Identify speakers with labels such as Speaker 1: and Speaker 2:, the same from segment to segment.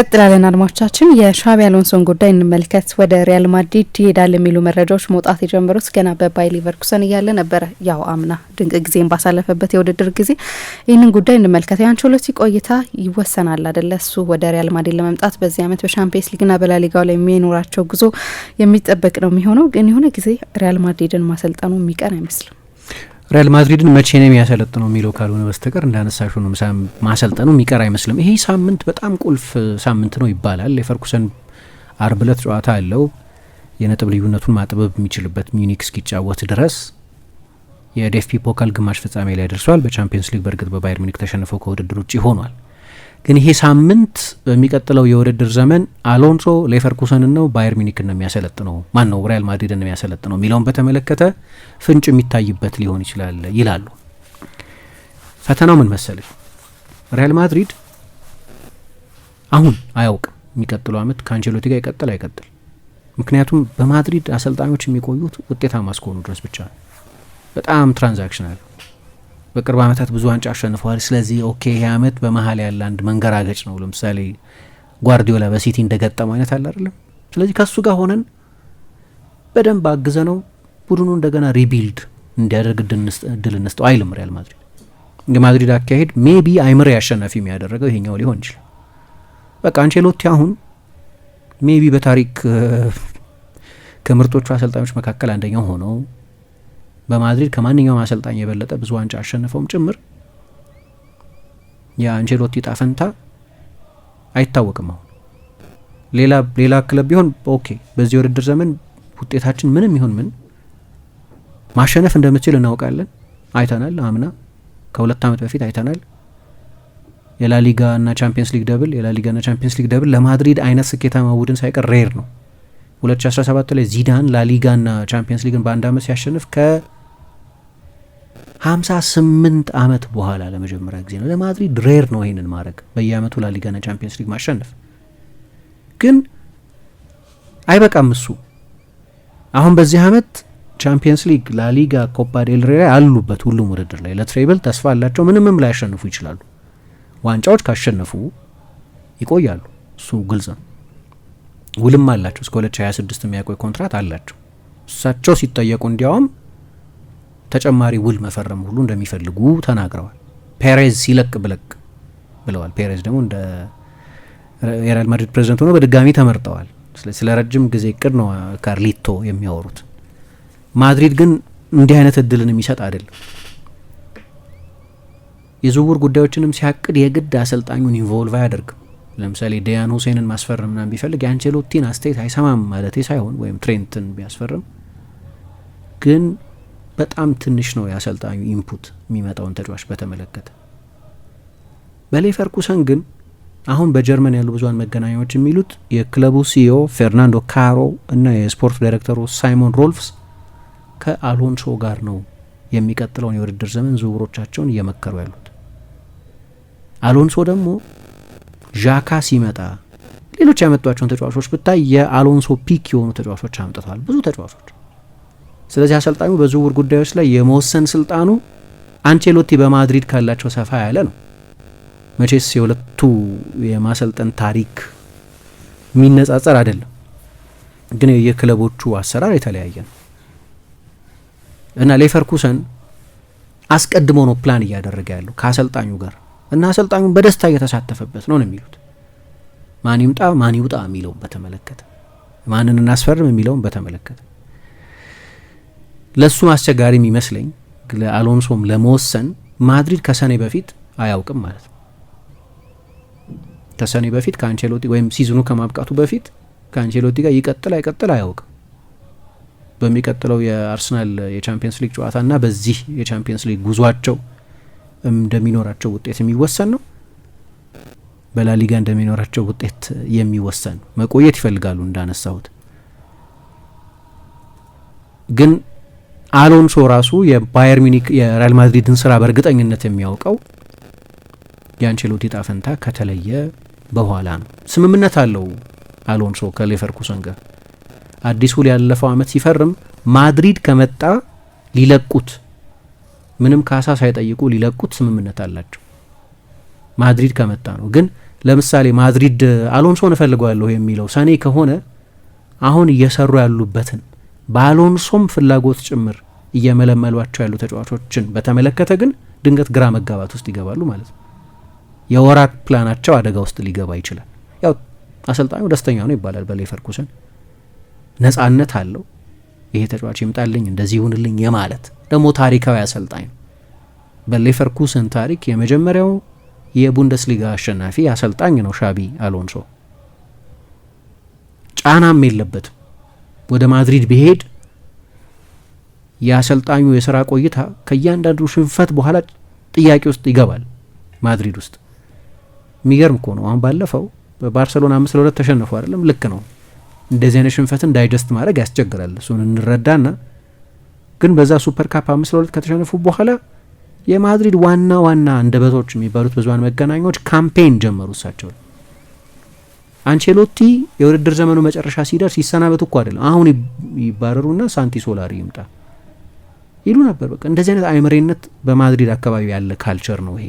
Speaker 1: እንቀጥላለን አድማጮቻችን። የሻቢ አሎንሶን ጉዳይ እንመልከት። ወደ ሪያል ማድሪድ ይሄዳል የሚሉ መረጃዎች መውጣት የጀመሩት ገና በባይ ሊቨርኩሰን እያለ ነበረ። ያው አምና ድንቅ ጊዜን ባሳለፈበት የውድድር ጊዜ ይህንን ጉዳይ እንመልከት። የአንቸሎቲ ቆይታ ይወሰናል አደለ? እሱ ወደ ሪያል ማድሪድ ለመምጣት በዚህ ዓመት በሻምፒየንስ ሊግና በላሊጋው ላይ የሚኖራቸው ጉዞ የሚጠበቅ ነው የሚሆነው። ግን የሆነ ጊዜ ሪያል ማድሪድን ማሰልጠኑ የሚቀን አይመስልም።
Speaker 2: ሪያል ማድሪድን መቼ ነው የሚያሰለጥነው የሚለው ካልሆነ በስተቀር እንዳነሳሹ ነው ማሰልጠኑ የሚቀር አይመስልም። ይሄ ሳምንት በጣም ቁልፍ ሳምንት ነው ይባላል። የፈርኩሰን አርብ እለት ጨዋታ አለው። የነጥብ ልዩነቱን ማጥበብ የሚችልበት ሚዩኒክ እስኪጫወት ድረስ የዴፍፒ ፖካል ግማሽ ፍጻሜ ላይ ደርሷል። በቻምፒየንስ ሊግ በእርግጥ በባየር ሚኒክ ተሸንፈው ከውድድር ውጭ ሆኗል። ግን ይሄ ሳምንት በሚቀጥለው የውድድር ዘመን አሎንሶ ሌቨርኩሰንን ነው ባየር ሚኒክን ነው የሚያሰለጥነው ማን ነው ሪያል ማድሪድን ነው የሚያሰለጥነው የሚለውን በተመለከተ ፍንጭ የሚታይበት ሊሆን ይችላል ይላሉ። ፈተናው ምን መሰለሽ፣ ሪያል ማድሪድ አሁን አያውቅም የሚቀጥለው ዓመት ከአንቸሎቲ ጋር ይቀጥል አይቀጥል። ምክንያቱም በማድሪድ አሰልጣኞች የሚቆዩት ውጤታማ እስከሆኑ ድረስ ብቻ ነው። በጣም ትራንዛክሽናል በቅርብ ዓመታት ብዙ ዋንጫ አሸንፈዋል። ስለዚህ ኦኬ ይህ ዓመት በመሀል ያለ አንድ መንገራገጭ ነው። ለምሳሌ ጓርዲዮላ በሲቲ እንደገጠመው አይነት አለ አይደለም። ስለዚህ ከሱ ጋር ሆነን በደንብ አግዘ ነው ቡድኑ እንደገና ሪቢልድ እንዲያደርግ እድል እንስጠው አይልም ሪያል ማድሪድ። የማድሪድ አካሄድ ሜቢ አይምሬ አሸናፊ የሚያደረገው ይሄኛው ሊሆን ይችላል። በቃ አንቼሎቲ አሁን ሜቢ በታሪክ ከምርጦቹ አሰልጣኞች መካከል አንደኛው ሆነው በማድሪድ ከማንኛውም አሰልጣኝ የበለጠ ብዙ ዋንጫ አሸንፈውም ጭምር የአንቸሎቲ ጣፈንታ አይታወቅም። አሁን ሌላ ሌላ ክለብ ቢሆን ኦኬ፣ በዚህ ውድድር ዘመን ውጤታችን ምንም ይሁን ምን ማሸነፍ እንደምትችል እናውቃለን። አይተናል። አምና ከሁለት ዓመት በፊት አይተናል። የላሊጋ እና ቻምፒየንስ ሊግ ደብል የላሊጋ እና ቻምፒየንስ ሊግ ደብል ለማድሪድ አይነት ስኬታማ ቡድን ሳይቀር ሬር ነው። 2017 ላይ ዚዳን ላሊጋ እና ቻምፒየንስ ሊግን በአንድ ዓመት ሲያሸንፍ ከ ስምንት አመት በኋላ ለመጀመሪያ ጊዜ ነው። ለማድሪድ ሬር ነው ይሄንን ማድረግ በየአመቱ ላሊጋና ቻምፒየንስ ሊግ ማሸነፍ። ግን አይበቃም እሱ አሁን በዚህ አመት ቻምፒየንስ ሊግ፣ ላሊጋ፣ ኮፓ ዴል ሬ ላይ አሉበት። ሁሉም ውድድር ላይ ለትሬብል ተስፋ አላቸው። ምንምም ላያሸንፉ ይችላሉ። ዋንጫዎች ካሸነፉ ይቆያሉ። እሱ ግልጽ ነው። ውልም አላቸው እስከ 2026 የሚያቆይ ኮንትራት አላቸው። እሳቸው ሲጠየቁ እንዲያውም ተጨማሪ ውል መፈረም ሁሉ እንደሚፈልጉ ተናግረዋል። ፔሬዝ ሲለቅ ብለቅ ብለዋል። ፔሬዝ ደግሞ እንደ የሪያል ማድሪድ ፕሬዚደንት ሆኖ በድጋሚ ተመርጠዋል። ስለ ረጅም ጊዜ እቅድ ነው ካርሊቶ የሚያወሩት። ማድሪድ ግን እንዲህ አይነት እድልን የሚሰጥ አይደለም። የዝውውር ጉዳዮችንም ሲያቅድ የግድ አሰልጣኙን ኢንቮልቭ አያደርግም። ለምሳሌ ዲያን ሁሴንን ማስፈረም ምናምን ቢፈልግ የአንቸሎቲን አስተያየት አይሰማም ማለት ሳይሆን፣ ወይም ትሬንትን ቢያስፈርም ግን በጣም ትንሽ ነው የአሰልጣኙ ኢንፑት የሚመጣውን ተጫዋች በተመለከተ። በሌቨርኩሰን ግን አሁን በጀርመን ያሉ ብዙሀን መገናኛዎች የሚሉት የክለቡ ሲዮ ፌርናንዶ ካሮ እና የስፖርት ዳይሬክተሩ ሳይሞን ሮልፍስ ከአሎንሶ ጋር ነው የሚቀጥለውን የውድድር ዘመን ዝውውሮቻቸውን እየመከሩ ያሉት። አሎንሶ ደግሞ ዣካ ሲመጣ ሌሎች ያመጧቸውን ተጫዋቾች ብታይ የአሎንሶ ፒክ የሆኑ ተጫዋቾች አምጥተዋል። ብዙ ተጫዋቾች ስለዚህ አሰልጣኙ በዝውውር ጉዳዮች ላይ የመወሰን ስልጣኑ አንቼሎቲ በማድሪድ ካላቸው ሰፋ ያለ ነው። መቼስ የሁለቱ የማሰልጠን ታሪክ የሚነጻጸር አይደለም፣ ግን የክለቦቹ አሰራር የተለያየ ነው እና ሌቨርኩሰን አስቀድሞ ነው ፕላን እያደረገ ያለው ከአሰልጣኙ ጋር እና አሰልጣኙ በደስታ እየተሳተፈበት ነው ነው የሚሉት ማን ይምጣ ማን ይውጣ የሚለውን በተመለከተ ማንን እናስፈርም የሚለውን በተመለከተ ለእሱም አስቸጋሪ የሚመስለኝ ለአሎንሶም ለመወሰን ማድሪድ ከሰኔ በፊት አያውቅም ማለት ነው። ከሰኔ በፊት ከአንቸሎቲ ወይም ሲዝኑ ከማብቃቱ በፊት ከአንቸሎቲ ጋር ይቀጥል አይቀጥል አያውቅም። በሚቀጥለው የአርሰናል የቻምፒየንስ ሊግ ጨዋታና በዚህ የቻምፒየንስ ሊግ ጉዟቸው እንደሚኖራቸው ውጤት የሚወሰን ነው። በላሊጋ እንደሚኖራቸው ውጤት የሚወሰን መቆየት ይፈልጋሉ እንዳነሳሁት ግን አሎንሶ ራሱ የባየር ሚኒክ የሪያል ማድሪድን ስራ በእርግጠኝነት የሚያውቀው የአንቸሎቲ ጣፈንታ ከተለየ በኋላ ነው። ስምምነት አለው አሎንሶ ከሌቨርኩሰን ጋር አዲሱ ያለፈው አመት ሲፈርም ማድሪድ ከመጣ ሊለቁት ምንም ካሳ ሳይጠይቁ ሊለቁት ስምምነት አላቸው። ማድሪድ ከመጣ ነው። ግን ለምሳሌ ማድሪድ አሎንሶን እፈልገዋለሁ የሚለው ሰኔ ከሆነ አሁን እየሰሩ ያሉበትን በአሎንሶም ፍላጎት ጭምር እየመለመሏቸው ያሉ ተጫዋቾችን በተመለከተ ግን ድንገት ግራ መጋባት ውስጥ ይገባሉ ማለት ነው። የወራት ፕላናቸው አደጋ ውስጥ ሊገባ ይችላል። ያው አሰልጣኙ ደስተኛ ነው ይባላል። በሌቨርኩሰን ነጻነት አለው። ይሄ ተጫዋች ይምጣልኝ እንደዚህ ይሁንልኝ የማለት ደግሞ ታሪካዊ አሰልጣኝ ነው። በሌቨርኩሰን ታሪክ የመጀመሪያው የቡንደስሊጋ አሸናፊ አሰልጣኝ ነው ሻቢ አሎንሶ። ጫናም የለበትም። ወደ ማድሪድ ቢሄድ የአሰልጣኙ የስራ ቆይታ ከእያንዳንዱ ሽንፈት በኋላ ጥያቄ ውስጥ ይገባል። ማድሪድ ውስጥ የሚገርም እኮ ነው። አሁን ባለፈው በባርሰሎና አምስት ለሁለት ተሸንፎ አይደለም? ልክ ነው። እንደዚህ አይነት ሽንፈትን ዳይጀስት ማድረግ ያስቸግራል። እሱን እንረዳና ግን በዛ ሱፐር ካፕ አምስት ለሁለት ከተሸነፉ በኋላ የማድሪድ ዋና ዋና አንደበቶች የሚባሉት ብዙኃን መገናኛዎች ካምፔን ጀመሩ እሳቸው አንቸሎቲ የውድድር ዘመኑ መጨረሻ ሲደርስ ይሰናበት እኮ አይደለም፣ አሁን ይባረሩና ሳንቲ ሶላሪ ይምጣ ይሉ ነበር። በቃ እንደዚህ አይነት አይምሬነት በማድሪድ አካባቢ ያለ ካልቸር ነው ይሄ።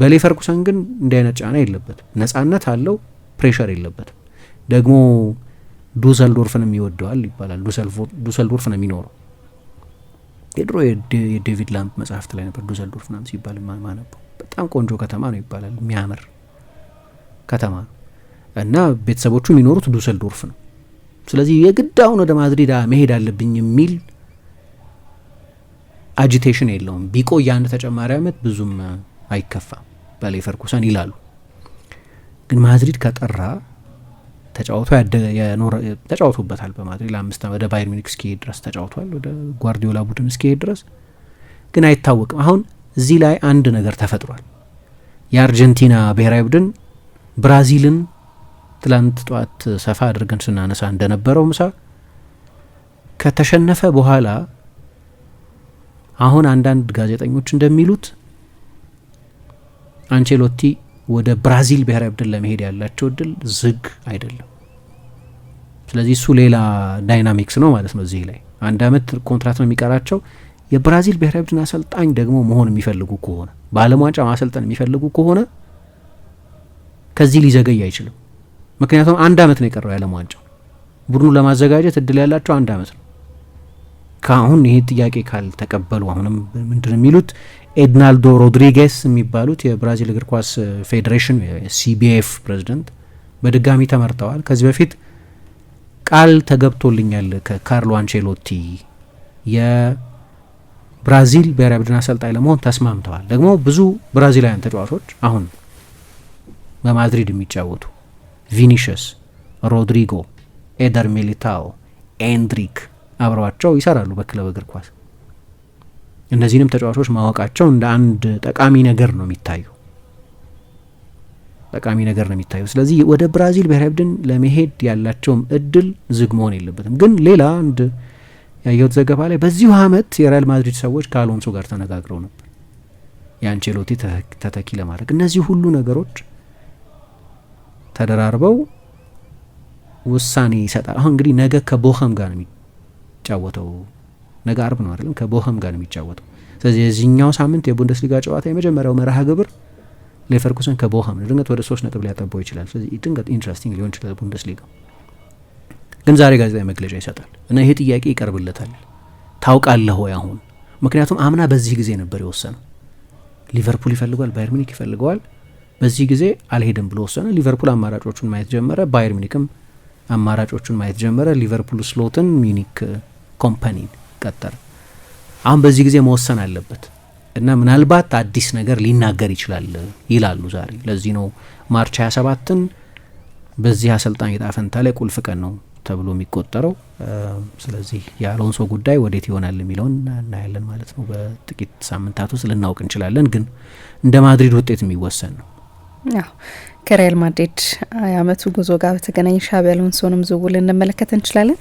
Speaker 2: በሌቨርኩሰን ግን እንዲህ አይነት ጫና የለበትም፣ ነጻነት አለው፣ ፕሬሸር የለበትም። ደግሞ ዱሰልዶርፍንም ይወደዋል ይባላል። ዱሰልዶርፍ ነው የሚኖረው። የድሮ የዴቪድ ላምፕ መጽሐፍት ላይ ነበር ዱሰልዶርፍ ናም ሲባል ማነበው። በጣም ቆንጆ ከተማ ነው ይባላል፣ የሚያምር ከተማ ነው እና ቤተሰቦቹ የሚኖሩት ዱሰልዶርፍ ነው። ስለዚህ የግድ አሁን ወደ ማድሪድ መሄድ አለብኝ የሚል አጂቴሽን የለውም። ቢቆይ አንድ ተጨማሪ አመት ብዙም አይከፋም በሌቨርኩሰን ይላሉ። ግን ማድሪድ ከጠራ ተጫውቶ ተጫውቶበታል። በማድሪድ ለአምስት ወደ ባየር ሚኒክ እስኪሄድ ድረስ ተጫውቷል። ወደ ጓርዲዮላ ቡድን እስኪሄድ ድረስ ግን አይታወቅም። አሁን እዚህ ላይ አንድ ነገር ተፈጥሯል። የአርጀንቲና ብሔራዊ ቡድን ብራዚልን ትላንት ጠዋት ሰፋ አድርገን ስናነሳ እንደነበረው ምሳ ከተሸነፈ በኋላ አሁን አንዳንድ ጋዜጠኞች እንደሚሉት አንቼሎቲ ወደ ብራዚል ብሔራዊ ቡድን ለመሄድ ያላቸው እድል ዝግ አይደለም። ስለዚህ እሱ ሌላ ዳይናሚክስ ነው ማለት ነው። እዚህ ላይ አንድ አመት ኮንትራት ነው የሚቀራቸው። የብራዚል ብሔራዊ ቡድን አሰልጣኝ ደግሞ መሆን የሚፈልጉ ከሆነ በዓለም ዋንጫ ማሰልጠን የሚፈልጉ ከሆነ ከዚህ ሊዘገይ አይችልም። ምክንያቱም አንድ አመት ነው የቀረው የዓለም ዋንጫው። ቡድኑ ለማዘጋጀት እድል ያላቸው አንድ አመት ነው። ከአሁን ይህ ጥያቄ ካልተቀበሉ አሁንም ምንድን የሚሉት ኤድናልዶ ሮድሪጌስ የሚባሉት የብራዚል እግር ኳስ ፌዴሬሽን የሲቢኤፍ ፕሬዚደንት በድጋሚ ተመርጠዋል። ከዚህ በፊት ቃል ተገብቶልኛል ከካርሎ አንቼሎቲ የብራዚል ብሔራዊ ቡድን አሰልጣኝ ለመሆን ተስማምተዋል። ደግሞ ብዙ ብራዚላውያን ተጫዋቾች አሁን በማድሪድ የሚጫወቱ ቪኒሽስ፣ ሮድሪጎ፣ ኤደር ሚሊታኦ፣ ኤንድሪክ አብረዋቸው ይሰራሉ በክለብ እግር ኳስ። እነዚህንም ተጫዋቾች ማወቃቸው እንደ አንድ ጠቃሚ ነገር ነው የሚታዩ ጠቃሚ ነገር ነው የሚታዩ። ስለዚህ ወደ ብራዚል ብሔራዊ ቡድን ለመሄድ ያላቸውም እድል ዝግ መሆን የለበትም። ግን ሌላ አንድ ያየሁት ዘገባ ላይ በዚሁ አመት የሪያል ማድሪድ ሰዎች ከአሎንሶ ጋር ተነጋግረው ነበር የአንቸሎቲ ተተኪ ለማድረግ እነዚህ ሁሉ ነገሮች ተደራርበው ውሳኔ ይሰጣል። አሁን እንግዲህ ነገ ከቦኸም ጋር ነው የሚጫወተው። ነገ አርብ ነው አይደለም? ከቦኸም ጋር ነው የሚጫወተው። ስለዚህ የዚህኛው ሳምንት የቡንደስሊጋ ጨዋታ የመጀመሪያው መርሃ ግብር ሌቨርኩሰን ከቦኸም ነው። ድንገት ወደ ሶስት ነጥብ ሊያጠባው ይችላል። ስለዚህ ድንገት ኢንትረስቲንግ ሊሆን ይችላል። ቡንደስሊጋ ግን ዛሬ ጋዜጣዊ መግለጫ ይሰጣል እና ይሄ ጥያቄ ይቀርብለታል። ታውቃለህ ወይ አሁን? ምክንያቱም አምና በዚህ ጊዜ ነበር የወሰነው። ሊቨርፑል ይፈልገዋል፣ ባየር ሚኒክ ይፈልገዋል በዚህ ጊዜ አልሄድም ብሎ ወሰነ። ሊቨርፑል አማራጮቹን ማየት ጀመረ። ባየር ሚኒክም አማራጮቹን ማየት ጀመረ። ሊቨርፑል ስሎትን፣ ሚኒክ ኮምፓኒን ቀጠረ። አሁን በዚህ ጊዜ መወሰን አለበት እና ምናልባት አዲስ ነገር ሊናገር ይችላል ይላሉ ዛሬ። ለዚህ ነው ማርች 27ን በዚህ አሰልጣኝ ዕጣ ፈንታ ላይ ቁልፍ ቀን ነው ተብሎ የሚቆጠረው። ስለዚህ የአሎንሶ ጉዳይ ወዴት ይሆናል የሚለውን እናያለን ማለት ነው። በጥቂት ሳምንታት ውስጥ ልናውቅ እንችላለን። ግን እንደ ማድሪድ ውጤት የሚወሰን ነው።
Speaker 1: ከሪያል ማድሪድ የአመቱ ጉዞ ጋር በተገናኘ ሻቢ አሎንሶንም ዝውውል እንመለከት እንችላለን።